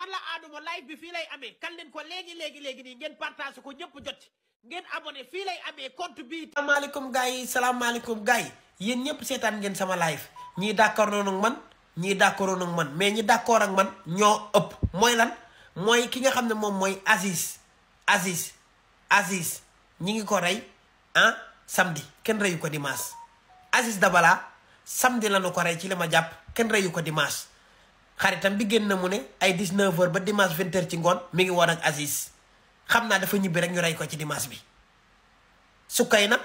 alla aaduma live bi fii lay amee kan leen ko léegi léegi léegi nii ngeen partage ko ñëpp jot ngeen abonné fii lay amee compte bi. salaamaaleykum gars yi salaamaaleykum gars yi yéen ñëpp seetaan ngeen sama live ñii d'accord noonu ak man ñii d'accord noonu ak man mais ñi d'accord ak man ñoo ëpp mooy lan mooy ki nga xam ne moom mooy Aziz Aziz Aziz ñi ngi ko rey ah samedi kenn reyu ko dimanche Aziz Dabala samedi la ñu ko rey ci li ma jàpp kenn reyu ko dimanche. xaritam bi génn na mu ne ay 19h ba dimanche 20h ci ngoon mi ngi woon ak Aziz xam naa dafa ñibbi rek ñu rey ko ci dimanche bi Soukayna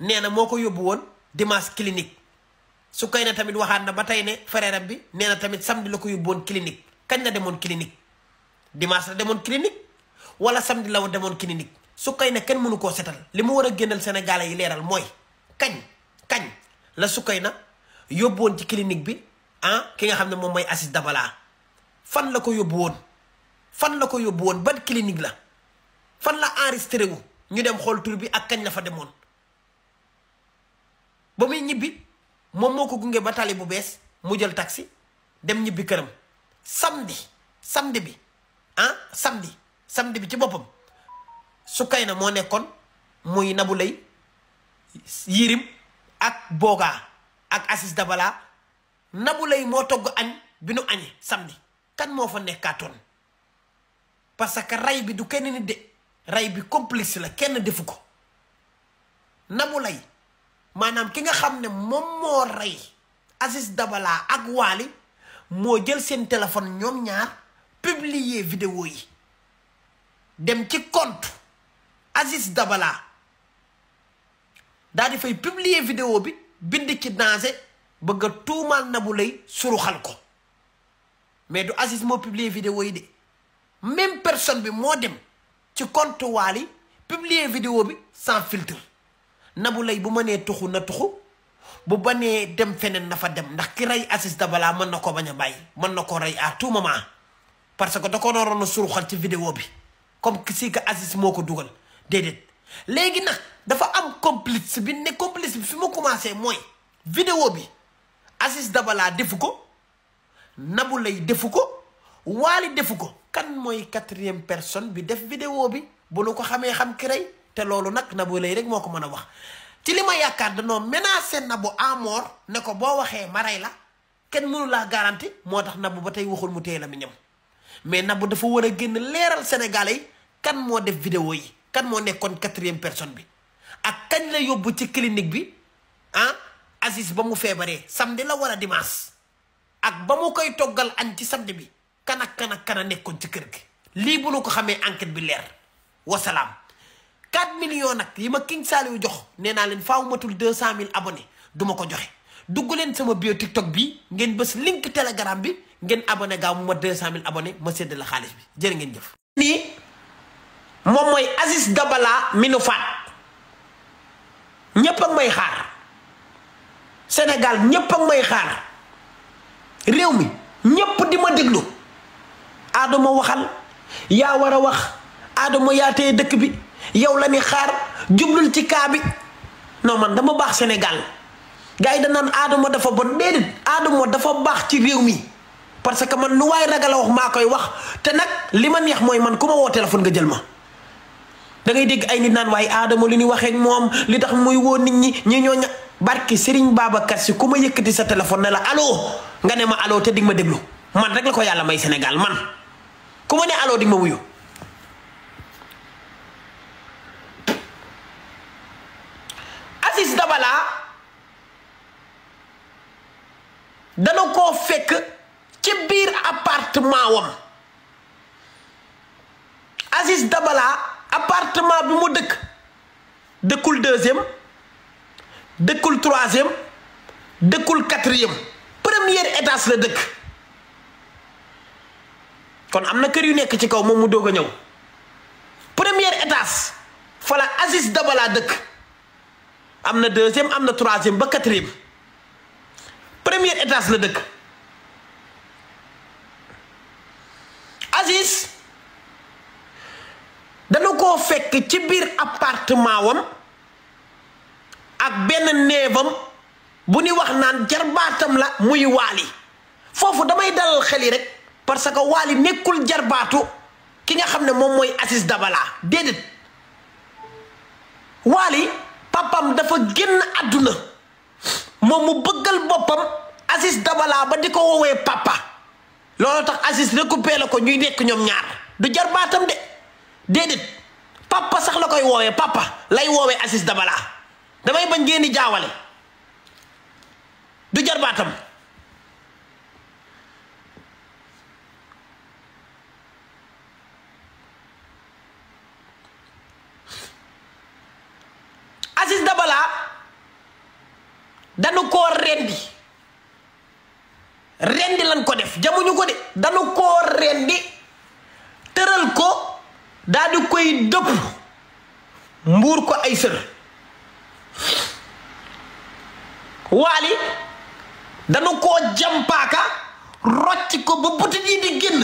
nee na moo ko yóbbu woon dimanche clinique Soukayna tamit waxaat na ba tey ne frère bi nee na tamit samedi la ko yóbbu woon clinique kañ la demoon clinique dimanche demoon clinique wala samedi la demoon clinique Soukayna kenn mënu koo setal li mu war a génnal Sénégalais yi leeral mooy kañ kañ la su kay na yóbbu woon ci clinique bi. ah ki nga xam ne moom mooy Aziz Dabala fan la ko yóbbu woon fan la ko yóbbu woon ban clinique la fan la enregistré wu ñu dem xool tur bi ak kañ la fa demoon ba muy ñibbi moom moo ko gunge ba tali bu bees mu jël taxi dem ñibbi këram samdi samedi bi ah samedi samedi bi ci boppam su kay na moo nekkoon muy Nabou lay Yirim ak Boga ak Aziz dabalaa nabulay moo togg añ bi nu añee samedi kan moo fa nekkaatoon parce que ray bi du kenn nit de rey bi complexe la kenn defu ko nabu maanaam ki nga xam ne moom moo rey Aziz Dabala ak Waly moo jël seen téléphone ñoom ñaar publier vidéo yi dem ci compte Aziz Dabala daa di fay publier vidéo bi bind ci danger bëgg a tuumaal na bu lay suruxal ko mais du Aziz moo publier vidéo yi de même personne bi moo dem ci compte Wally publier vidéo bi sans filtre na bu lay bu mënee tuxu na tuxu bu banee dem feneen na fa dem ndax ki rey Aziz balaa mën na ko bañ a bàyyi mën na ko rey à tout moment parce que da ko naroon a suruxal ci vidéo bi comme si que Aziz moo ko dugal déedéet léegi nag dafa am complice bi ne complice bi fi mu commencé mooy vidéo bi Aziz Dabala defu ko nabu Leye defu ko Waly defu ko kan mooy quatrième personne bi def vidéo bi bu nu ko xamee xam ki rey te loolu nag Nabou Leye rek moo ko mën a wax ci li ma yaakaar danoo menacé Nabou à mort ne ko boo waxee ma rey la kenn mënu laa garanti moo tax Nabou ba tey waxul mu téye la mi ñam mais Nabou dafa war a génn leeral Sénégalais kan moo def vidéo yi kan moo nekkoon quatrième personne bi ak kañ la yóbbu ci clinique bi ah? Aziz ba mu feebaree samedi la a dimaas ak ba mu koy toggal añ ci samedi bi kan ak kan ak nekkoon ci kër gi. lii bu nu ko xamee enquête bi leer wasalaam 4 million nag yi ma King Saliou jox nee naa leen faaw deux 200000 mille du duma ko joxe dugg leen sama bio TikTok bi ngeen bës link Telegram bi ngeen abonné gaaw mu ma 200000 abonnés ma sédd la xaalis bi jër ngeen jëf. nii moom mooy Aziz Dabala mi nu faat ñëpp ak may xaar. Sénégal ñépp ak may xaar réew mi ñépp di ma déglu Adama waxal yaa war a wax Adama yaa téye dëkk bi yow la ñuy xaar jublul ci kaa bi man dama baax Sénégal gars yi danaan Adama dafa bon déedéet Adama dafa baax ci réew mi parce que man lu waay ragal a wax maa koy wax te nag li ma neex mooy man ku ma woo téléphone nga jël ma dangay dégg ay nit naan waaye Adama lu ñu waxee moom li tax muy woo nit ñi ñi ñoo ña barki Serigne Babacar si ku ma yëkkati sa téléphone ne la aloo nga ne ma allo te dig ma déglu man rek la ko yàlla may senegal man ku ma ne allo dig ma wuyu. Aziz Dabala dana koo fekk ci biir appartement wam Aziz Dabala appartement bi mu dëkk dëkkul deuxième. dëkkul troisième dëkkul quatrième première étage la dëkk kon am na kër yu nekk ci kaw moom mu doog a ñëw première étage fa la Aziz Dabala dëkk am na deuxième am na troisième ba quatrième première étage la dëkk Aziz dana ko fekk ci biir appartement wam benn néebam bu ni wax naan jarbaatam la muy waali foofu damay dalal xel rek parce que waali nekkul jarbaatu ki nga xam ne moom mooy Aziz Dabala déedéet waali papam dafa génn àdduna moom mu bëggal boppam Aziz Dabala ba di ko woowee papa looloo tax Aziz récupéré la ko ñuy nekk ñoom ñaar du jarbaatam de déedéet papa sax la koy woowee papa lay woowee Aziz Dabala damay bañ ngeen di jaawale du jarbaatam Aziz Dabala danu koo rendi rendi lan ko def jamuñu ko de danu koo rendi tëral ko daal di koy dëpp mbuur ko ay sër waali dañu koo jàmpaaka rocc ko ba butit yi di génn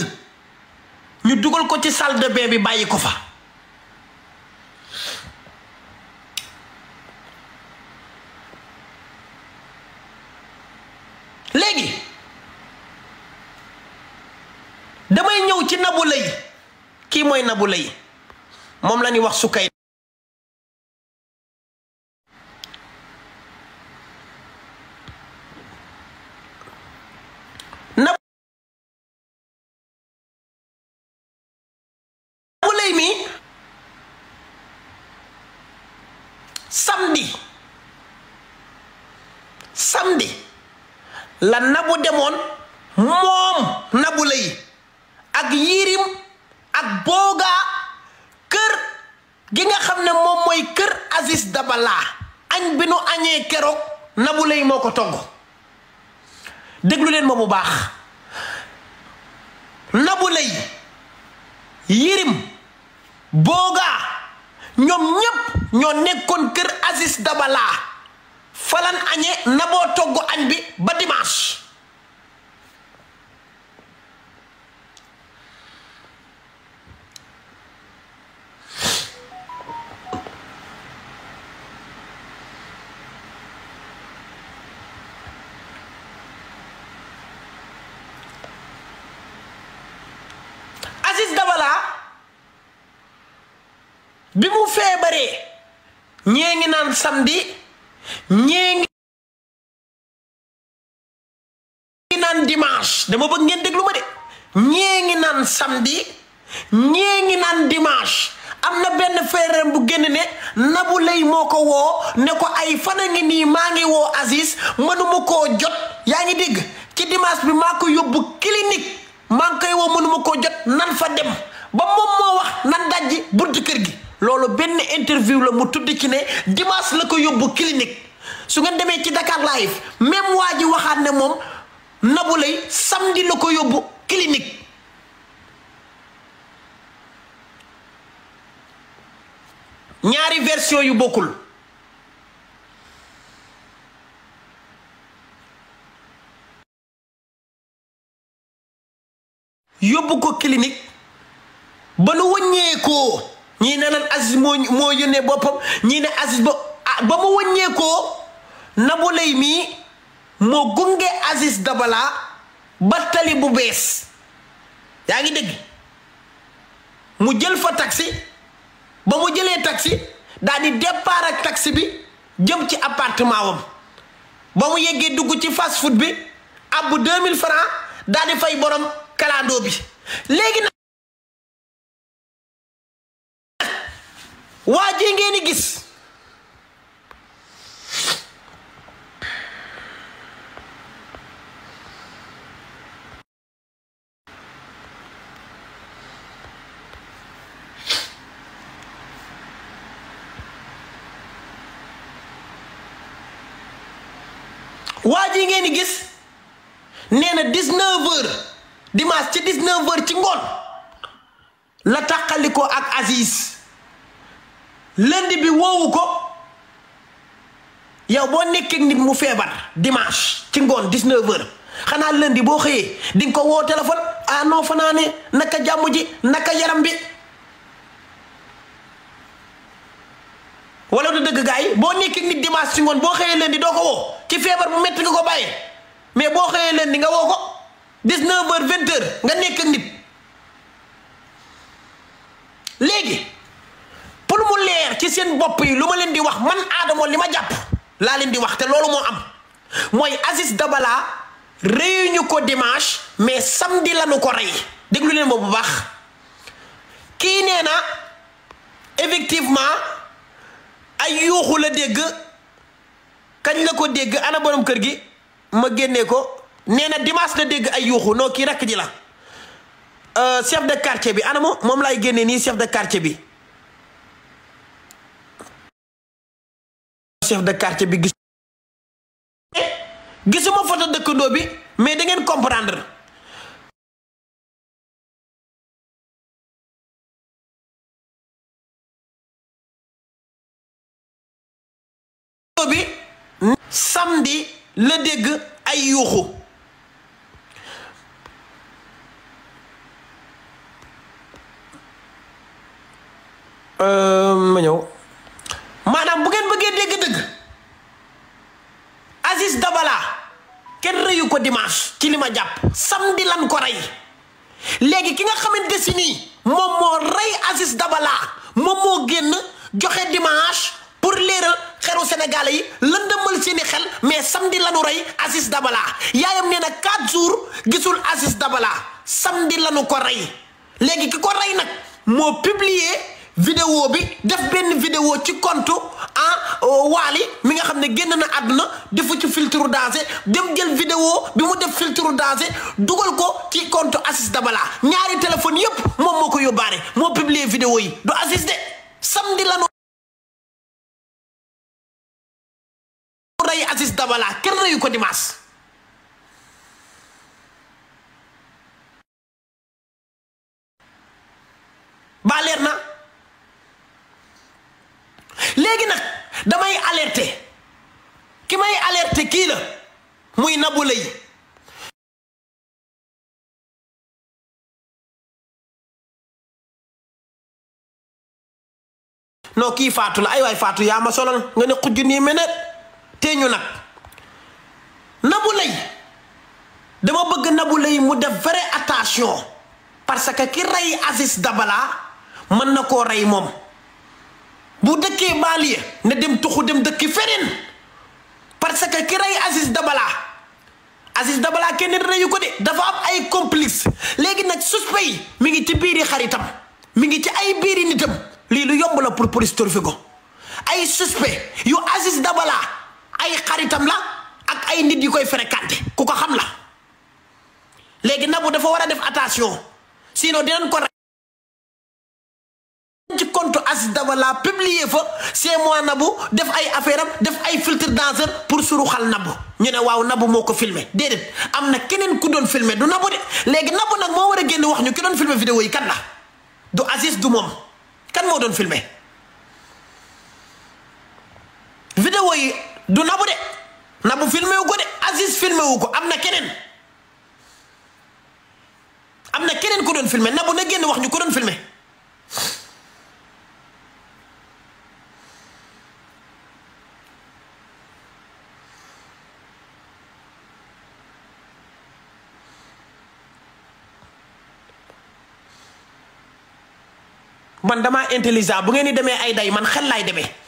ñu dugal ko ci saldebe bi bàyyi ko fa léegi damay ñëw ci nabu lay kii mooy nabu lay moom la ñuy wax sukkay la nabu demoon moom nabu lay ak yirim ak boogaa kër gi nga xam ne moom mooy kër Aziz Dabala añ bi nu añee keroog nabu lay moo ko togg déglu leen ma bu baax nabu lay yirim boogaa ñoom ñépp ñoo nekkoon kër Aziz Dabala falan añe na boo togg añ bi ba dimanche Aziz Dabala bi mu feebaree ñee ngi naan samedi ñii ngi naan dimanche dama bëgg ngeen déglu ma de ñii ngi naan samdi ñii ngi naan dimanche am na benn feereen bu génn ne Nabou Leye moo ko woo ne ko ay fana ngi nii maa ngi woo Aziz mënuma koo jot yaa ngi dégg ci dimanche bi maa ko yóbbu clinique maa koy woo mënuma koo jot nan fa dem ba moom moo wax nan dajji buntu kër gi loolu benn interview la mu tudd ci ne dimanche la ko yóbbu kilinik su ngeen demee ci Dakar live même waa ji waxaat ne moom Nabou Leye samedi la ko yóbbu clinique ñaari version yu bokkul yóbbu ko clinique ba nu wëññeekoo ñii ne leen Aziz moo moo yónnee boppam ñii ne Aziz ba ah ba mu wëññeekoo Nabou Leye mii moo gunge Aziz Dabala ba tali bu bees yaa ngi dégg mu jël fa taxi ba mu jëlee taxi daadi di départ ak taxi bi jëm ci appartement wam ba mu yeggee dugg ci fast food bi ab 2000 francs daal di fay borom kalandoo bi léegi nag waa ji ngeen gis waa ji ngeen di gis nee na 19 dimanche ci 19h ci ngoon la ko ak Aziz lundi bi woowu ko yow boo nekkee nit mu feebar dimanche ci ngoon 19h xanaa lundi boo xëyee di nga ko woo téléphone ah non fanaane naka jàmm ji naka yaram bi. wala du dëgg gaay boo nekkee nit dimanche ci ngoon boo xëyee lundi doo ko woo. ci feebar bu métti nga ko bàyyi mais boo xëyee leen di nga woo ko 19 heures 20 heures nga nekk ak nit léegi pour mu leer ci seen bopp yi lu ma leen di wax man Adamo li ma jàpp laa leen di wax te loolu moo am mooy Aziz Dabala réyuñu ko dimanche mais samedi lañu ko rey déglu leen ma bu baax kii nee na effectivement ay yuuxu la dégg kañ la ko dégg ana borom kër gi ma génne ko nee na dimanche dégg ay yuuxu noo kii rakk ji la euh, chef de quartier bi ana moom lay laay génnee nii chef de quartier bi chef de quartier bi gis gisuma photo bi mais dangeen ngeen comprendre samedi la dégg ay yuuxu euh, ma ñëw maanaam bu ngeen bëggee dégg-dëgg Aziz Dabala kenn rëyu ko dimanche ci li ma jàpp samedi lan ko rey léegi ki nga xamante si nii moom moo rey Aziz Dabala moom moo génn joxe dimanche pour leeral xeru Sénégalais yi lan mais samdi la nu rey Aziz Dabala yaayam nee na quatre jours gisul Aziz Dabala samedi la nu ko rey léegi ki ko rey nag moo publier vidéo bi def benn vidéo ci compte ah euh, waali mi nga xam ne génn na àdduna defu ci filtre danger dem jël vidéo bi mu def filtre danger dugal ko ci compte Aziz Dabala ñaari téléphone yépp moom moo ko yóbbaale moo publier vidéo yi du Aziz de samedi la nday Aziz Dabala kenn reyu ko dimanche baa leer na léegi nag damay alerter ki may alerter kii la muy Nabou Leye non kii faatu la ay waay faatu yaa ma solal nga ne xujj nii menet tee ñu nag Nabou Leye dama bëgg Nabou Leye mu def vrai attention parce que ki rey Aziz Dabala mën na koo rey moom bu dëkkee banlieue ne dem tuxu dem dëkki feneen parce que ki rey Aziz Dabala Aziz Dabala kenn reyu ko de dafa am ay complice léegi nag suspect yi mi ngi ci biiri xaritam mu ngi ci ay biiri nitam lii lu yomb la pour police ko ay suspect yu Aziz Dabala ay xaritam la ak ay nit yu koy fréquenté ku ko xam la léegi Nabou dafa war a def attention sinon dinañ ko ci compte Aziz Dabala publier fa c'est moi def ay affaire def ay filtre danseur pour suruxal Nabou ñu ne waaw Nabou moo ko filmé déedéet am na keneen ku doon filmé du Nabou de léegi Nabou nag moo war a génn wax ñu ki doon filmé vidéo yi kan la du Aziz du moom kan moo doon filmé vidéo yi du nabu de nabu filmé wu ko de Aziz filmé wu ko am na keneen am na keneen ku doon filmé nabu na génn wax ñu ko doon filmé man damaa intelligent bu ngeen di demee ay day man xel laay demee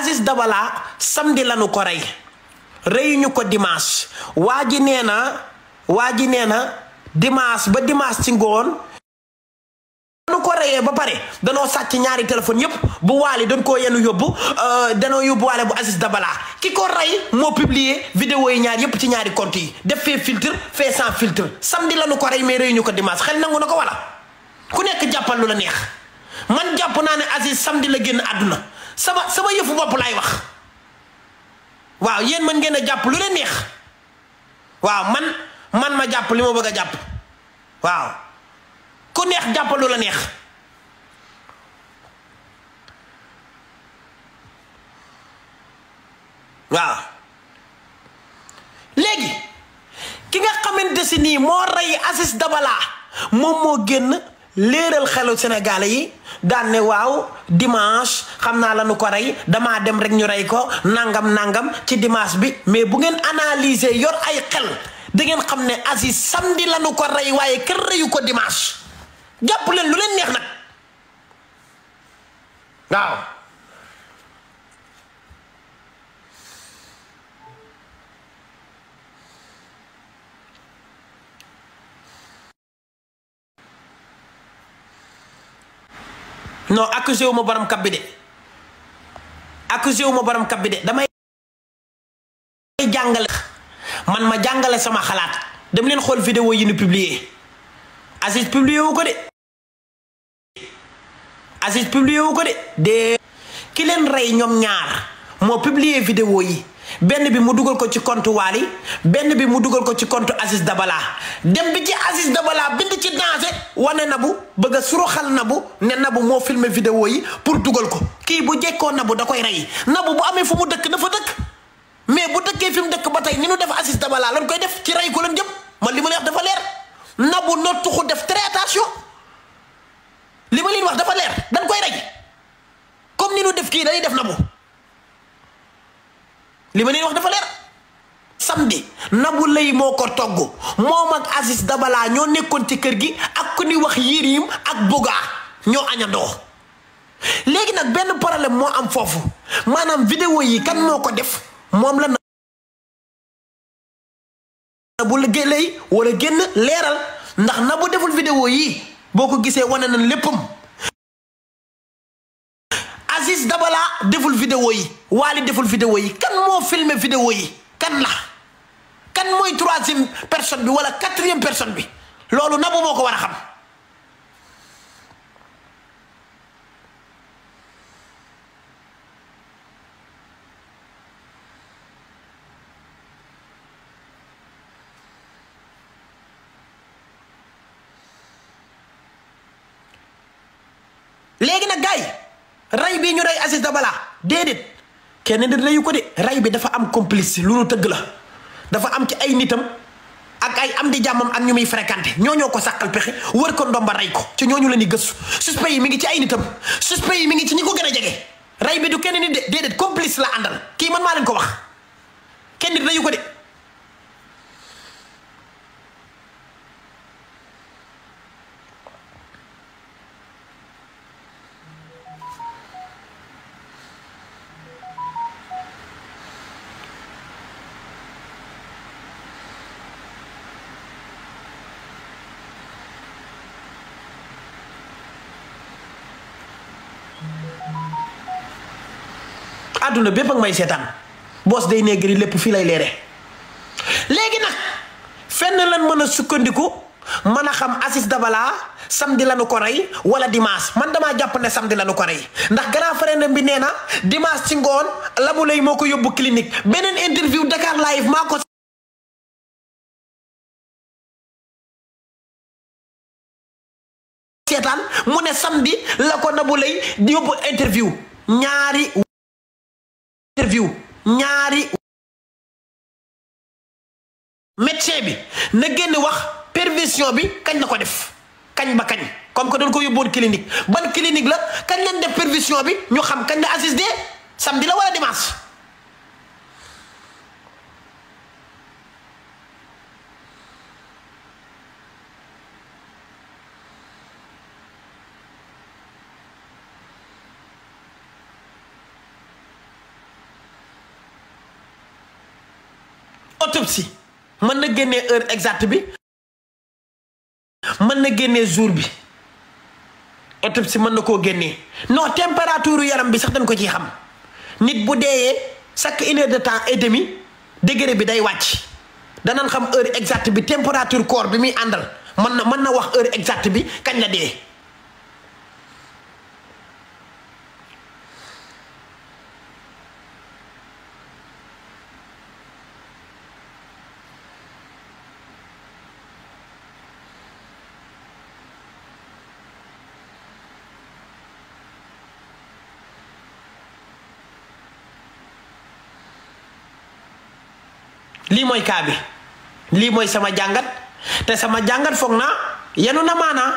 Aziz Dabala samdi lanu ko rey reyuñu ko dimanche waa ji nee na waa ji nee na dimanche ba dimanche ci ngoon danu ko reyee ba pare danoo sàcc ñaari téléphone yépp bu waali dañ koo yenu yóbbu euh, danoo yóbbu waale bu Aziz dabalaa ki ko rey moo publier vidéo yi ñaar yépp ci ñaari compte yi def fee filtre fee sans filtre samedi lanu ko rey mais reyuñu ko dimanche xel nangu na ko wala ku nekk jàppal lu la neex man jàpp naa ne Aziz samdi la génn àdduna sama sama yëfu bopp laay wax waaw yéen mën ngeen a jàpp lu leen neex waaw man man ma jàpp li ma bëgg a jàpp waaw ku neex jàpp la neex waaw léegi ki nga xamante si nii moo rey Aziz Dabala moom moo génn léeral xelu Sénégalais yi daan waaw dimanche xam naa la ko rey damaa dem rek ñu rey ko nangam nangam ci dimanche bi mais bu ngeen analyser yor ay xel da ngeen xam ne Aziz samedi la nu ko rey waaye kenn reyu ko dimanche jàpp leen lu leen neex nag waaw. non accusé wu ma borom kab bi de accusé wu ma borom kab bi de damay jàngale man ma jàngale sama xalaat dem leen xool vidéo yi ñu publier Aziz publier wu ko de Aziz publier ko de de ki leen rey ñoom ñaar moo publier vidéo yi benn bi mu dugal ko ci compte Wally benn bi mu dugal ko ci compte Aziz Dabala dem bi ci Aziz Dabala bind ci danger wane na bu bëgg a suruxal na bu ne na bu moo filmer vidéo yi pour dugal ko kii bu jekkoo na bu da koy rey na bu bu amee fu mu dëkk dafa dëkk mais bu dëkkee fi mu dëkk ba tey ni nu def Aziz Dabala lañ koy def ci rey ko lan jëm man li ma lay wax dafa leer nabu bu noo tuxu def traitation attention li ma leen wax dafa leer dañ koy rey comme ni nu def kii dañuy def na bu li ma leen wax dafa leer samedi Nabou Leye moo ko togg moom ak Aziz Dabala ñoo nekkoon ci kër gi ak ku ni wax yiir Yérim ak Bouga ñoo añandoo léegi nag benn problème moo am foofu maanaam vidéo yi kan moo ko def moom la Nabou Leye war a génn leeral ndax na Nabou deful vidéo yi boo ko gisee wane na léppam deful vidéo yi waali deful vidéo yi kan moo filmer vidéo yi kan la kan mooy troisième personne bi wala quatrième personne bi loolu nabu moo ko war a xam léegi nag gars ray bi ñu rey Aziz Dabala déedéet kenn nit reyu ko de ray bi dafa am complice lu nu tëgg la dafa am ci ay nitam ak ay am di jàmmam ak ñu muy fréquenté ñooñoo ko sàkkal pexe wër ko ndomba rey ko ci ñooñu la ñuy gëstu suspect yi mi ngi ci ay nitam suspect yi mi ngi ci ñi ko gën a jege ray bi du kenn nit de déedéet complice la àndal kii man maa leen ko wax kenn nit reyu ko de. àdduna bépp ak may seetaan boos day néegri lépp fii lay leere léegi nag fenn lan mën a sukkandiku mën a xam Aziz Dabala samedi la nu ko rey wala dimanche man damaa jàpp ne samedi la nu ko rey ndax grand frère bi nee na dimanche ci ngoon labu lay moo ko yóbbu clinique beneen interview Dakar live maa ko mu ne samedi la ko Nabou Leye di yóbbu interview ñaari interview ñaari médecin bi na génn wax perversion bi kañ na ko def kañ ba kañ comme que doon ko yóbboon clinique ban clinique la kañ lañ def perversion bi ñu xam kañ la assisté samedi la wala dimanche si mën na génne heure exact bi mën na génne jour bi si mën na koo génnee non température yaram bi sax dañ ko ciy xam nit bu deeyee chaque une heure de temps et demi degré bi day wàcc danan xam heure exacte bi température corps bi muy àndal mën na mën na wax heure exacte bi kañ la dee. lii mooy kaa bi lii mooy sama jàngat te sama jàngat foog naa yenu na maanaa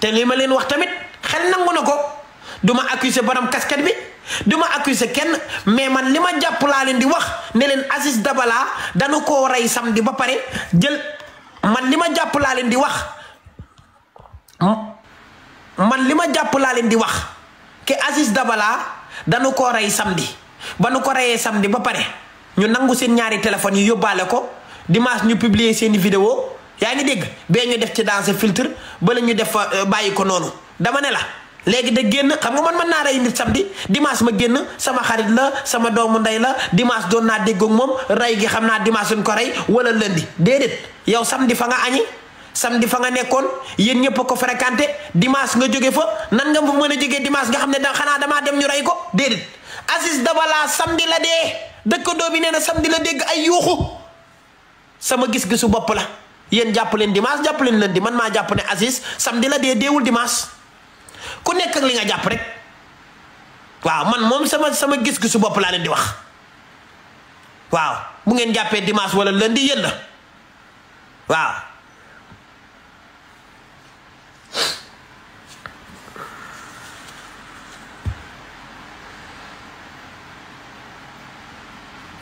te lii ma leen wax tamit xel nangu na ko du ma accuser borom casquette bi du ma accuser kenn mais man li ma jàpp laa leen di wax ne leen Aziz Dabala danu koo rey samedi ba pare jël man li ma jàpp laa leen di wax man li ma jàpp laa leen di wax ke Aziz Dabala danu koo rey samedi ba nu ko reyee samedi ba pare ñu nangu seen ñaari téléphone yi yóbbaale ko dimanche ñu publier seeni i yaa ngi dégg bee ñu def ci dans filtre ba la ñu def euh, bàyyi ko noonu dama ne la léegi da génn xam nga man man naa rey nit samedi dimanche ma génn sama xarit la sama doomu ndey la dimanche doon naa déggoog moom rey gi xam naa dimanche suñ ko rey wala lundi déedéet yow samedi fa nga añi samedi fa nga nekkoon yéen ñëpp ko fréquenté dimanche nga jóge fa nan nga mën a jógee dimanche nga xam ne da xanaa damaa dem ñu rey ko déedéet Aziz Dabala la dee. dëkkandoo bi nee na samedi la dégg ay yuuxu sama gis-gisu bopp la yéen jàpp leen dimanche jàpp leen lundi man maa jàpp ne Aziz samedi la dee deewul dimanche ku nekk ak li nga jàpp rek waaw man moom sama sama gis-gisu bopp laa leen di wax waaw bu ngeen jàppee dimanche wala lundi yéen la waaw.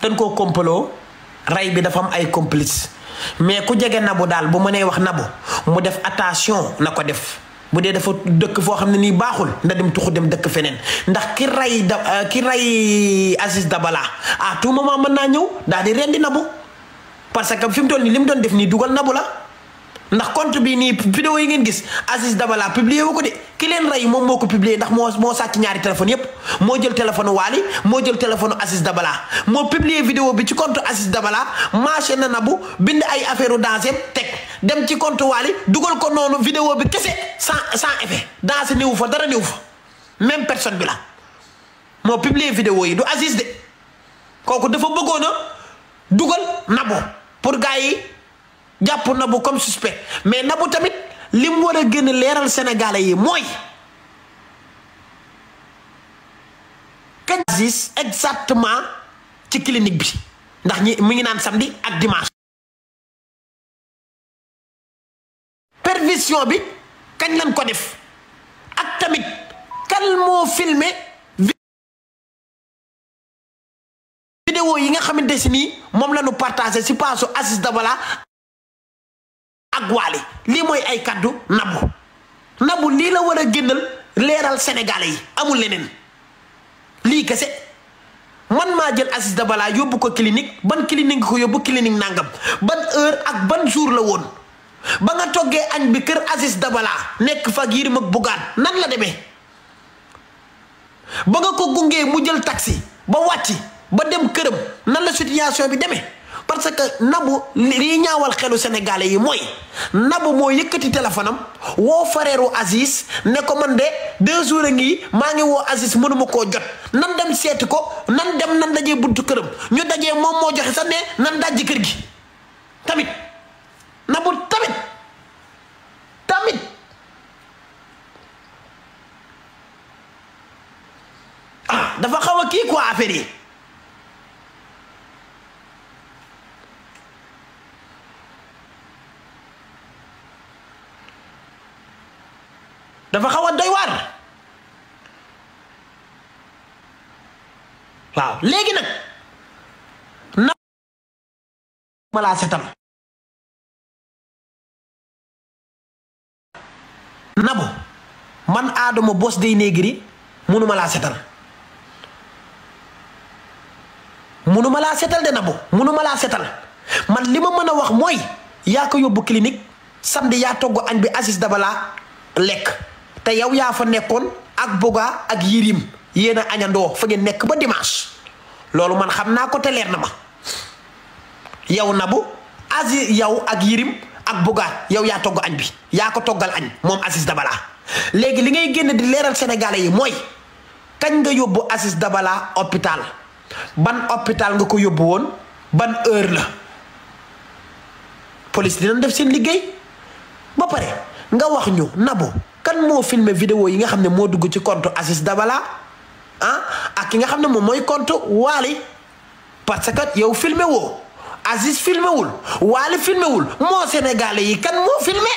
dañ koo kompaloo ray bi dafa am ay complice mais ku jege nabu daal bu mënee wax nabu mu def attention na ko def bu dee dafa dëkk foo xam ne nii baaxul na dem tuxu dem dëkk feneen ndax ki ray da euh, ki rey Aziz Dabala à tout moment mën naa ñëw daal di rendi nabu parce que fi mu toll nii li mu doon def nii dugal nabu la. ndax compte bi nii vidéo yi ngeen gis Aziz Dabala publier wu ko de ki leen rey moom moo ko publier ndax moo moo sàcc ñaari téléphone yépp moo jël téléphone Wally moo jël téléphone Aziz Dabala moo publier vidéo bi ci compte Aziz Dabala marché na nabu bind ay affaire danse teg dem ci compte Wally dugal ko noonu vidéo bi kese sans sans effet danse niwu fa dara niwu fa même personne bi la moo publier vidéo yi du Aziz de kooku dafa bëggoon a dugal nabo pour gars yi jàpp bu comme suspect mais na bu tamit li war a génn leeral sénégalais yi mooy kañ Aziz exactement ci clinique bi ndax ñi mu ngi naan samedi ak dimanche permission bi kañ lañ ko def ak tamit kan moo filmé yi nga xamante si nii moom la ñu partagé si paasu Aziz Dabala ak waali lii mooy ay kàddu nabu nabu lii la war a génnal leeral sénégalais yi amul leneen lii kese man maa jël Aziz Dabala yóbbu ko clinique ban clinique nga ko yóbbu clinique nangam ban heure ak ban jour la woon ba nga toggee añ bi kër Aziz Dabala nekk fa Yérim ak Bougane nan la demee ba nga ko gungee mu jël taxi ba wàcc ba dem këram nan la situation bi demee parce que nabu li ñaawal xelu sénégalais yi mooy nabu moo yëkkati téléphone woo fareeru Aziz ne ko mën de deux jours a ngi maa ngi woo Aziz mënuma koo jot nan dem seeti ko nan dem nan dajee buntu këram ñu dajee moom moo joxe sax ne nan dajji kër gi tamit nabu tamit tamit ah dafa xaw a kii quoi affaire yi dafa xaw a doy waar waaw léegi nag na man aadama bos day néegri munuma laa setal mënuma laa setal de nabu munuma laa setal man li ma mën a wax mooy yaa ko yóbbu clinique samedi yaa togg añ bi Aziz laa lekk te yow yaa fa nekkoon ak Boga ak Yirim yéen añandoo fa ngeen nekk ba dimanche loolu man xam naa ko te leer na ma yow nabu Aziz yow ak Yirim ak Boga yow yaa togg añ bi yaa ko toggal añ moom Aziz Dabala léegi li ngay génne di leeral Sénégalais yi mooy kañ nga yóbbu Aziz Dabala hôpital ban hôpital nga ko yóbbu woon ban heure la police dinañ def seen liggéey ba pare nga wax ñu Nabou kan moo filmé vidéo yi nga xam ne moo dugg ci compte Aziz Dabala ah ak ki nga xam ne moom mooy compte Waly parce que yow filmé woo Aziz filmé wul Waly filmé wul moo Sénégalais yi kan moo filmé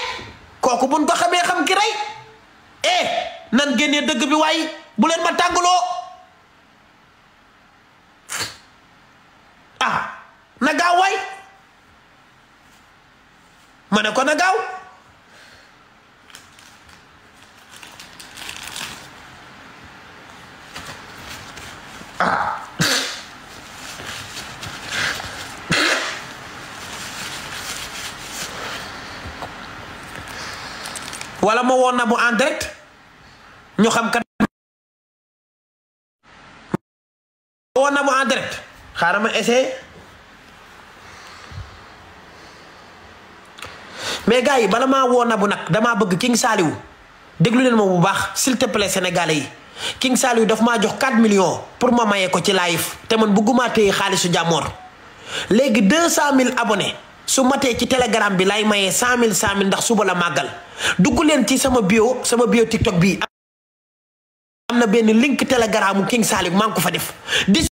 kooku buñ ko xamee xam ki rey eh nan génnee dëgg bi waaye bu leen ma tàngaloo ah na gaaw waay ma ne ko na gaaw. wala ma woon na bu en ñu xam kat woon na bu xaaral ma essayé mais gars yi bala ma woon na bu nag damaa bëgg King Saliou déglu leen ma bu baax si te plaît sénégalais yi King Saliou daf ma jox 4 millions pour ma maye ko ci live te man bëgguma téye xaalisu jàmmoor léegi 200000 abonnés. su matee ci telegram bi laay mayee cent mille cent mille ndax suba la màggal dugg leen ci sama bio sama bio TikTok bi am na benn link telegram King Saliou maa ngi ko fa def